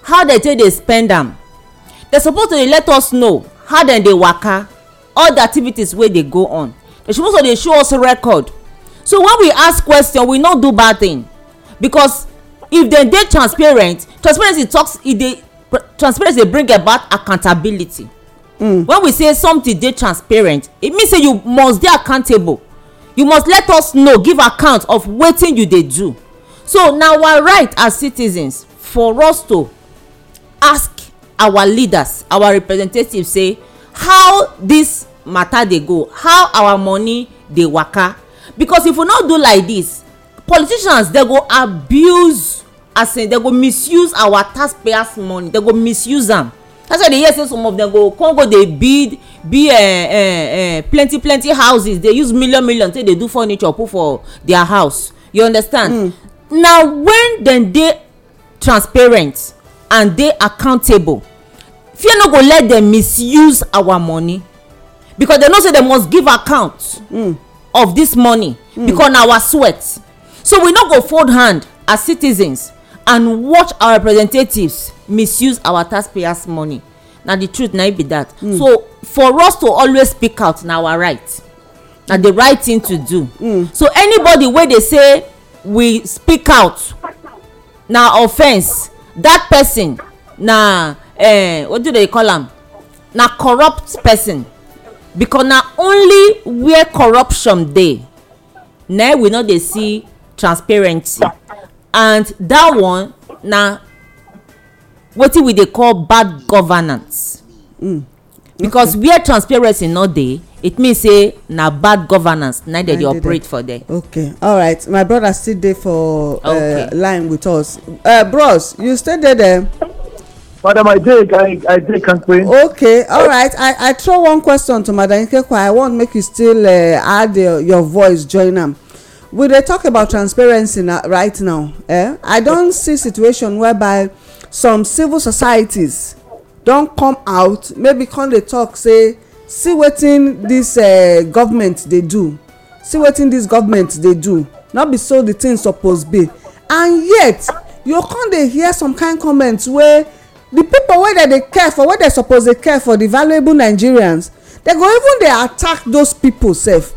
[SPEAKER 3] how they take dey spend am they suppose to dey let us know how dem dey waka all the activities wey dey go on they suppose to dey show us record so when we ask question we no do bad thing because if dem dey transparent transparency talks e dey transparency dey bring about accountability hmm. when we say something dey transparent e mean say you must dey accountable you must let us know give account of wetin you dey do so na our right as citizens for us to ask our leaders our representatives say how this matter dey go how our money dey waka because if we no do like this politicians dey go abuse as in dey go misuse our taxpayers money dey go misuse am that's why i dey hear say some of them go come go dey build be uh, uh, eh, uh, eh, plenty plenty houses dey use million million take dey do furniture put for their house you understand. Mm. na when dem dey transparent and dey accountable fear no go let them misuse our money because they know say they must give account hmm. of this money hmm. because na our sweat so we no go fold hand as citizens and watch our representatives misuse our taxpayers money na the truth na it be that hmm. so for us to always speak out na our right na the right thing to do so anybody wey dey say we speak out na offence that person na eh, what do they call am na corrupt person because na only where corruption dey na we no dey see transparency and that one na wetin we dey call bad governance mm. because okay. where transparency no dey it mean say na bad governance na dem dey operate for there. okay
[SPEAKER 2] all right. my brother still dey for uh, line with us uh, bros you stay there there madam i dey i dey kampe. okay all right i i throw one question to madam nkekwa i want make you still uh, add your voice join am we dey talk about transparency right now eh i don see situation whereby some civil societies don come out maybe come dey talk say see wetin dis uh, government dey do see wetin this government dey do not be so the thing suppose be and yet you come dey hear some kind comments wey the people wey dem dey care for wey dem suppose dey care for the valuable nigerians dem go even dey attack those people sef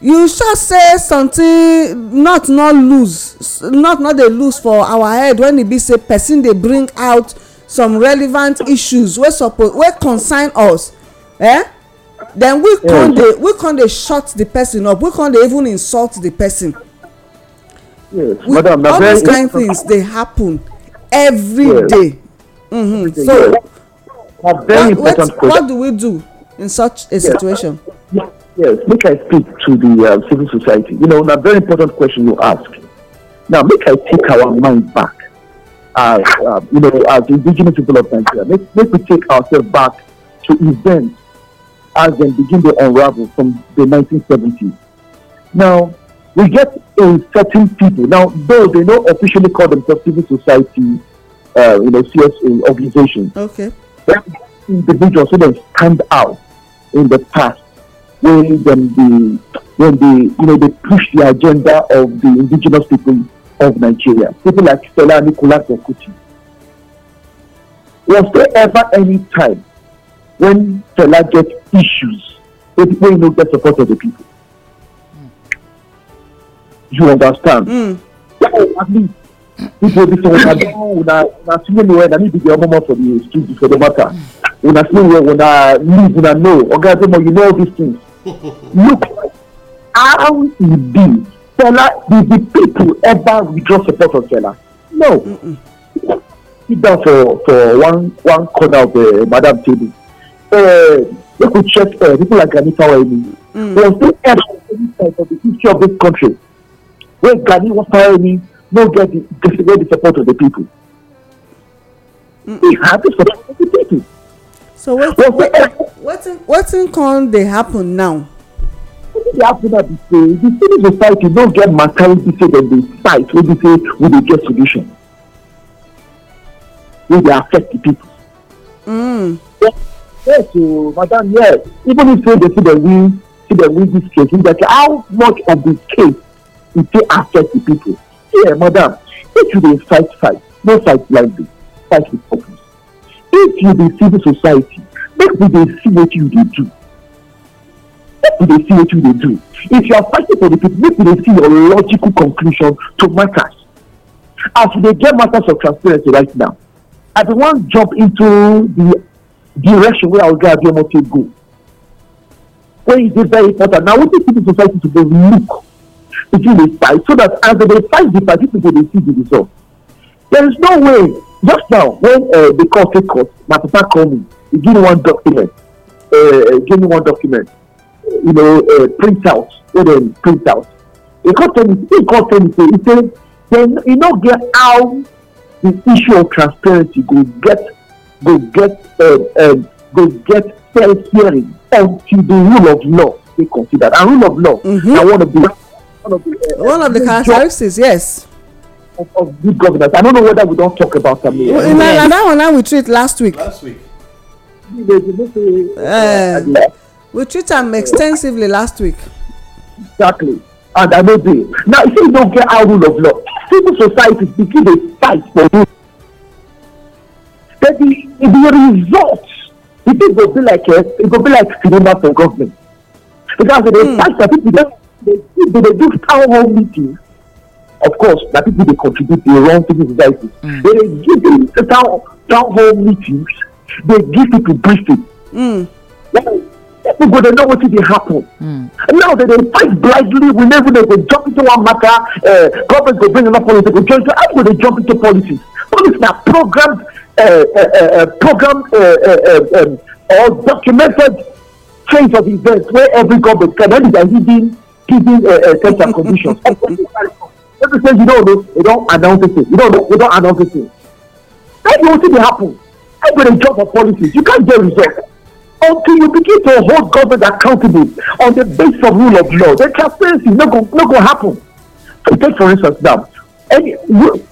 [SPEAKER 2] you sure say something not not lose not not dey lose for our head when e be say person dey bring out some relevant issues wey suppose wey concern us eh then we con dey we con dey shut the person up we con dey even insult the person yes madam all these kind things dey happen every day Mm-hmm. So, what, question: what, do we do in such a yes. situation?
[SPEAKER 6] Yes, yes. make I speak to the uh, civil society. You know, a very important question you ask. Now, make I take our mind back as, uh, you know, as indigenous people of Nigeria. Make, make we take ourselves back to events as they begin to unravel from the 1970s. Now, we get a certain people. Now, though they don't officially call themselves civil society uh, you know, CSA organization. Okay. That individuals sort of stand out in the past when when they when they you know they push the agenda of the indigenous people of Nigeria. People like Stella Nicholas Okuti. Was there ever any time when Stella gets issues that people you know get support of the people? Mm. You understand? Mm. So at least if you be so na don una una swimming well na me be the omomo for the street for the matter una swimming well una live una know oga ademoye you know these things look how e be seller did the people ever withdraw support from seller no He -mm. down for for one one corner of uh, madam table uh, make we check uh, people like gani fawemi mm. they were still help for the history of this country wey gani fawemi not get the, get the support of the people.
[SPEAKER 2] Mm. They have the support the people. So what well, what, eh, what, in, what they happen now? Wetin dey happen na be say the civil society no
[SPEAKER 6] get mentality say dem dey fight wey be say we dey get solution wey dey affect the people. Mm. yes yes oh, madam yes even if they see dem win see dem win this case we say how much of the case e fit affect the people see madam if you dey fight fight no fight blindly fight with purpose if you dey civil society make we dey see what you dey do make we dey see what you dey do if you are fighting for the people make we dey see your logical conclusion to matters as we dey get matters of transparency right now i bin wan jump into the direction wey oga abiodun take go wey e dey very important na wetin civil society suppose look between the so that as they fight the party people dey see the result there is no way just now when uh, the court take court my papa call me he give me one document uh, give me one document you know uh, print out wey dem print out he come tell me he come tell me say he say dem e no get how the issue of transparency go get go get uh, um go get self hearing until the rule of law dey considered and rule of law mm -hmm. na one of the one of the, uh, one of the characteristics, yes. Of, of, good governance. I don't know whether we don't talk about them here. Well, yes.
[SPEAKER 2] That one that we treat last week. Last week.
[SPEAKER 6] Um,
[SPEAKER 2] we treat them extensively last week. Exactly. And I know this. Now, if you don't get our rule of law, civil society begin to fight for you.
[SPEAKER 6] That the, the result, it will be like a, eh, it will be like cinema for government. Because mm. they hmm. fight for people they, they, do town hall meetings of course that people they contribute wrong run civil society mm. they give the, the town town hall meetings They give people briefing. Mm. Well, people go They know wetin dey happen. Mm. And now they fight blindly we never even go jump into one matter uh, government go bring another policy go join so how go dey jump into politics politics are programmed uh, uh, uh, uh, programmed uh, uh, uh, um, or documented change of events where every government can only be reading. giving uh, eh, uh, eh, terms and conditions. Every stage you don't know, you don't announce it. You don't know, you don't announce it. That's the only thing that happens. Everybody job of policies. You can't get results until you begin to hold government accountable on the basis of rule of law. The transparency is not going to happen. So take for instance now, any,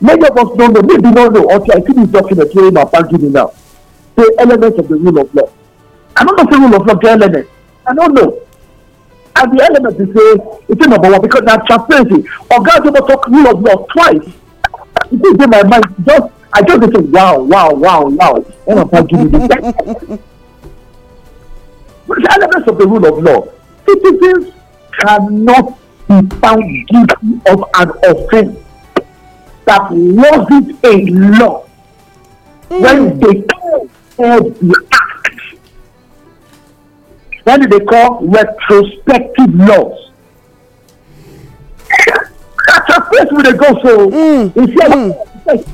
[SPEAKER 6] many of us don't know, maybe not know until I see this document where my bank giving now. The elements of the rule of law. I'm not saying rule of law, the elements. I don't know and the element is say uh, it's say number one because na transparency oga adeomo talk rule of law twice e dey dey my mind just i just dey say wow wow wow wow one of my give me the the elements of the rule of law citizens cannot be found guilty of an offence that wasn't a law mm. when they can't the what do they call retrospective laws. That's a place where they go. So mm. mm.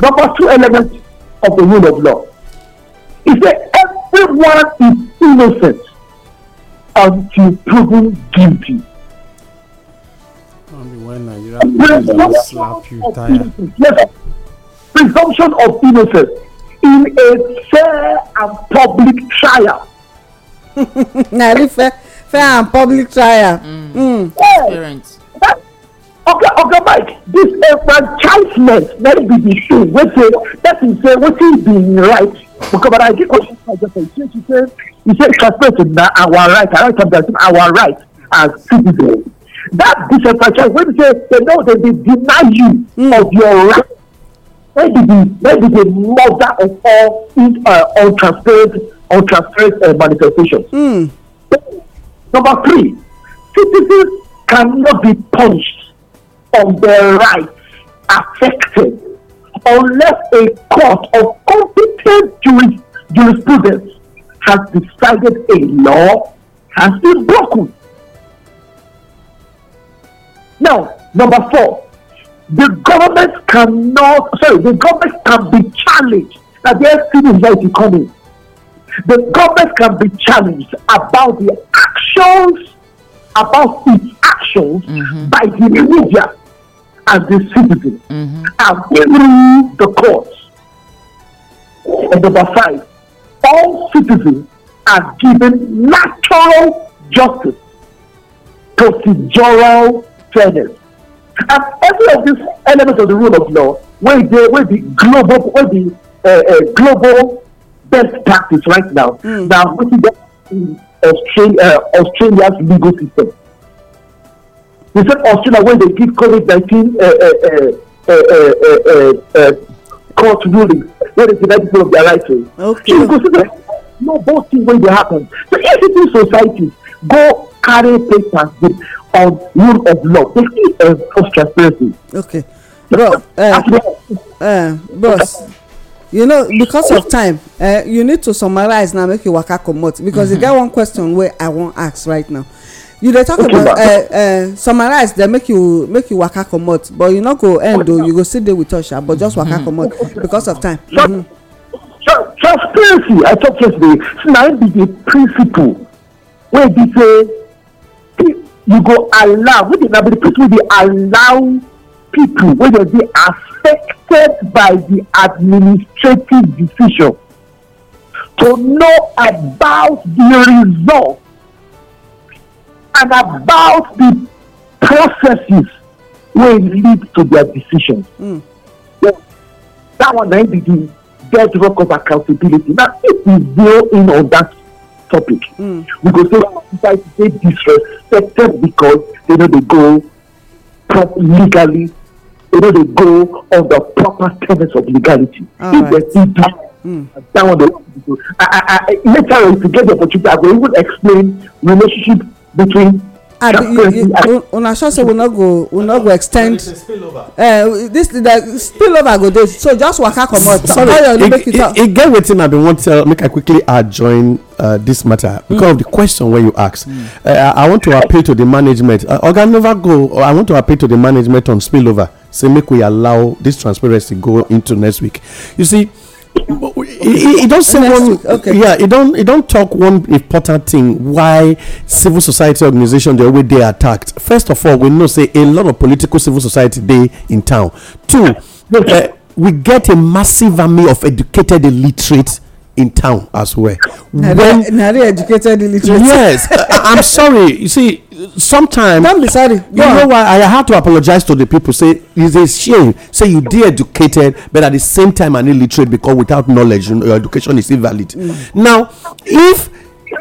[SPEAKER 6] but two element of the rule of law. is that everyone is innocent until proven guilty.
[SPEAKER 5] when Nigeria slap you tired.
[SPEAKER 6] presumption
[SPEAKER 2] of innocence in a fair and public trial. na really fair fair and public trial. Mm. Mm. Yes. okay, okay, Mike, this enfranchisement na be the thing wey say
[SPEAKER 6] that is say What is being right because but I get question from my girlfriend she say she say transparency na our right our right our right as citizens that disenfranchise wey be say they know they dey deny you mm. of your right wey be the wey be the mother of all uh, all transparent ultra transgress uh, manifestations. Mm. Number three, citizens cannot be punished on their rights affected unless a court of competent juris, jurisprudence has decided a law has been broken. Now, number four, the government cannot, sorry, the government can be challenged that their citizens rights to the government can be challenged about the actions, about its actions mm-hmm. by the media and the citizen mm-hmm. and even the courts. And number five, all citizens are given natural justice, procedural fairness. And every of these elements of the rule of law Where the where the global, where the uh, uh, global accepted practice right now mm. now what is that in Australia, uh, Australia's legal system. They said Australia when they give COVID nineteen uh, uh, uh, uh, uh, uh, uh, uh court ruling, where they deny people of their rights. Okay. So you consider no both things when they happen. So if society go carry papers with on rule of law they
[SPEAKER 2] still enforce uh, transparency. Okay. Bro, uh, uh, boss you know because of time uh, you need to summarize now make you waka comot because e get one question wey i wan ask right now you dey talk about uh, uh, summarize dem make you make you waka comot but you no go end o you go still dey with us sha but just waka mm-hmm. comot because of time. transparency mm-hmm. i talk yesterday na im be the principle
[SPEAKER 6] wey be say you go allow wey dey na be the principle wey dey allow people wey dey dey affect Set by the administrative decision to know about the result and about the processes wey lead to their decisions.
[SPEAKER 1] Mm. So,
[SPEAKER 6] that one na be the death rock of accountability. Now, if we zero in on that topic, mm. we go say society dey disrespected because they no dey go properly legally you know, they go on the proper tenets of legality. All if right. they do that, mm. that one they want to do. I, I, I, later on, if you get the opportunity, I will
[SPEAKER 2] even explain relationship between. Ah, you, una sure say we no go we no go extend uh, this the over go dey so just waka comot sorry e
[SPEAKER 4] get wetin i bin wan tell make i quickly add join uh, this matter because mm. of the question wey you ask mm. uh, i want to appeal to the management uh, oga nova go i want to appeal to the management on spill over. say make we allow this transparency go into next week you see it doesn't say one yeah it it don't don't talk one important thing why civil society organization the way they attacked first of all we know say a lot of political civil society day in town two eh, we get a massive army of educated illiterate in town as well na
[SPEAKER 2] educated illiterate yes i'm sorry you see
[SPEAKER 4] sometimes stand beside it
[SPEAKER 2] you know why i
[SPEAKER 4] have to apologize to the people say it's a shame say you dey educated but at the same time I need literate because without knowledge your education is invalid mm. now if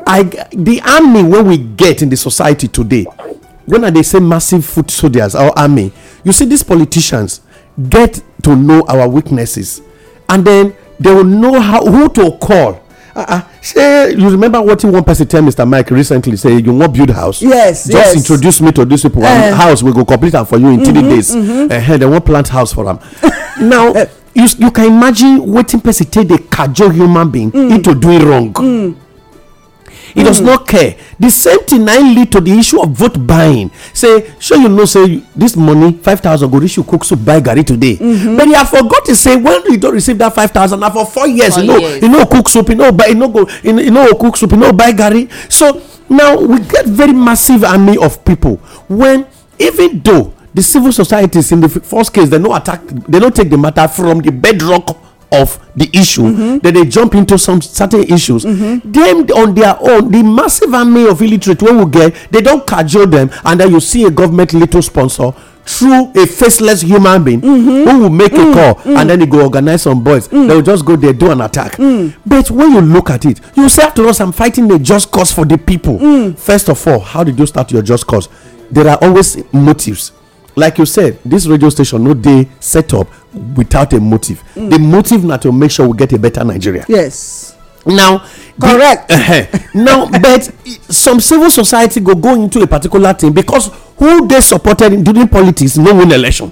[SPEAKER 4] i the army wey we get in the society today when i dey say massive foot soldiers our army you see these politicians get to know our weaknesses and then they will know how who to call uh, ah, say ah. you remember what one person tell mr mike recently say you wan build house yes just yes. introduce me to this pipo and uh-huh. house we go complete am for you in three mm-hmm, days -hmm. dem wan plant house for am now you you can imagine wetin person take dey cajole human being mm. into doing wrong
[SPEAKER 1] mm e does hmm. not
[SPEAKER 4] care The same thing na lead to the issue of vote buying say shey you know say this money five thousand. go reach you cook soup buy garri today mm-hmm. but you have forgotten say when you don receive that five thousand. na for four years you no cook soup you no cook soup you no buy garri so now we get very massive army of people. when even though the civil societies in the first case they no attack they no take the matter from the bedrock of the issue mm-hmm. then they jump into some certain issues mm-hmm. them on their own the massive army of illiterate wey we get they don cajole them and then you see a government little sponsor through a faceless human being
[SPEAKER 1] mm-hmm. who will make mm-hmm. a call mm-hmm. and then
[SPEAKER 4] he go organize some boys mm. they will just go there do an attack mm. but when you look at it you say after all i'm fighting a just cause for the people mm. first of all how did you start your just cause there are always motives like you said this radio station no dey set up without a motive mm. the motive na to make sure we get a better nigeria yes now correct eh, eh. now but some civil society go go into a particular thing because who dey supported during politics no win election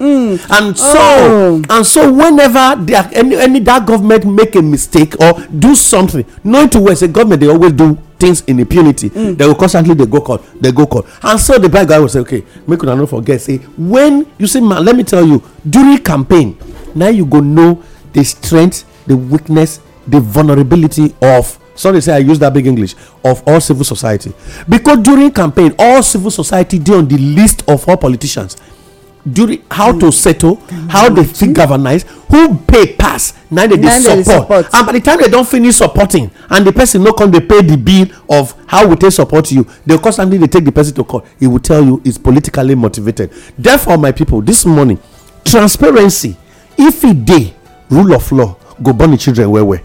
[SPEAKER 4] Mm. And so, oh. and so, whenever they are, any, any that government make a mistake or do something, knowing to where say government they always do things in impunity, mm. they will constantly they go court, they go court. And so the bad guy will say, okay, make una no forget. Say when you see man, let me tell you, during campaign, now you go know the strength, the weakness, the vulnerability of sorry say i use that big english of all civil society because during campaign all civil society they on the list of all politicians during how to settle how they mm-hmm. think galvanize who pay pass na dem dey support and by the time they don finish supporting and the person no come dey pay the bill of how we take support you dey constantly dey take the person to court e will tell you its politically motivated therefore my people this morning transparency if e dey rule of law go born the children well well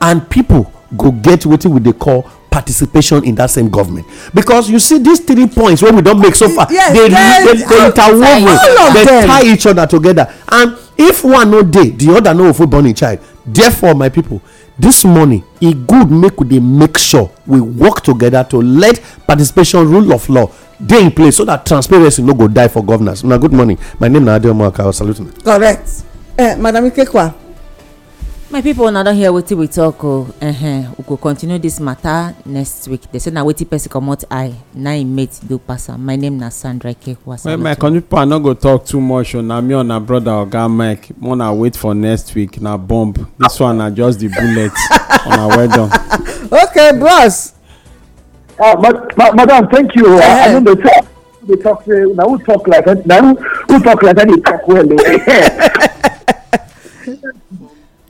[SPEAKER 4] and people go get wetin we dey call participation in that same government because you see these three points wey we don make so far yes, dey yes, dey interwoven dey tie each other together and if one no dey the other no go fit born im child therefore my people this morning e good make we dey make sure we work together to let participation rule of law dey in place so that transparency no go die for governance una good morning my name na adeomo akara salute una.
[SPEAKER 3] correct uh, madam ikekwa my pipo na don hear wetin we talk o oh, -huh. we go continue dis matter next week dey say na wetin person comot eye na im mate do pass am my name na sandra kekwasa. well my
[SPEAKER 5] country pipo i no go talk too much o oh, na me and my brother oga mike more na wait for next week na bomb dis one na just the bullet una well done. okay bros.
[SPEAKER 6] Uh, ah, madam thank you uh, i eh. no dey talk dey talk say eh, na who talk like na who talk like that dey talk well o. Eh?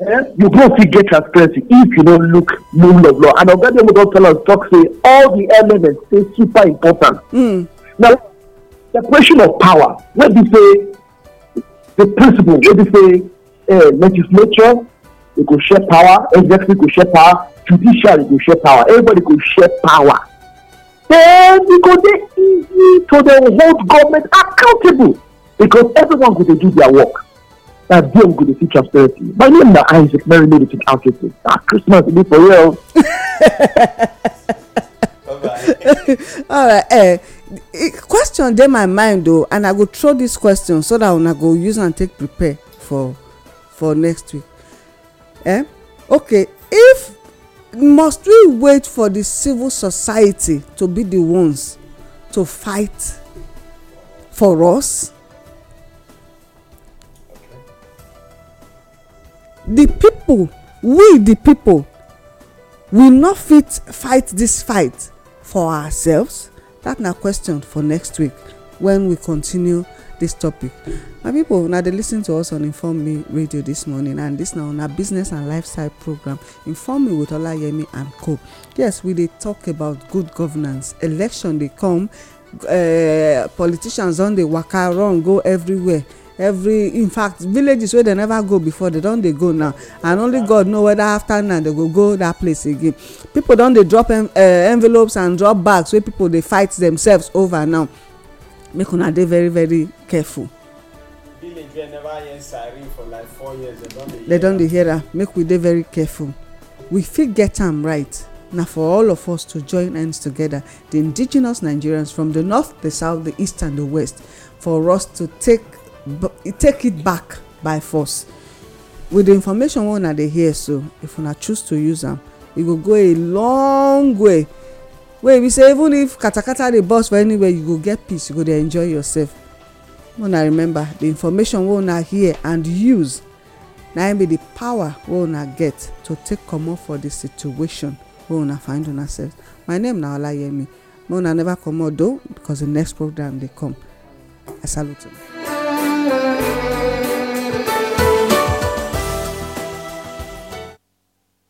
[SPEAKER 1] you
[SPEAKER 6] go fit get transparency if you no look rule of law and oga demo don tell us talk say all the elements dey super important mm. now separation of power wey be say the principle wey be say uh, legislature e go share power executive go share power judiciary go share power everybody go share power then e go dey easy to dey hold government accountable because everyone go dey do their work that game go dey see prosperity my name is isaac mary lady pick out people Ah, christmas e dey for real.
[SPEAKER 2] all right eh question dey my mind though, and i go throw this question so that I go use and take prepare for for next week eh okay if must we wait for the civil society to be the ones to fight for us The people, we the people, we no fit fight this fight for ourselves dat na question for next week when we continue this topic my people, una dey lis ten to us on inform me radio this morning and dis na una business and lifestyle program inform me with olayemi and co yes we dey talk about good governance election dey come uh, politicians don dey waka run go everywhere every in fact villages wey dem never go before dem don dey go now and only god know whether after now dem go go that place again people don dey drop eh, envelopes and drop bags wey people dey fight themselves over now make una dey very very careful
[SPEAKER 5] village wey never hear siren for like four years dem don dey
[SPEAKER 2] hear am make we dey very careful we fit get am right na for all of us to join hands together the indigenous nigerians from the north the south the east and the west for us to take But take it back by force with the information wey una dey hear so if una choose to use am e go go a long way wey e be say even if katakata dey burst for anywhere you go get peace you go dey enjoy yourself una remember the information wey una hear and use na im be di power wey una get to take comot for the situation wey una find una sef my name na olayemi may una never comot though because the next program dey come i salute
[SPEAKER 1] una. you.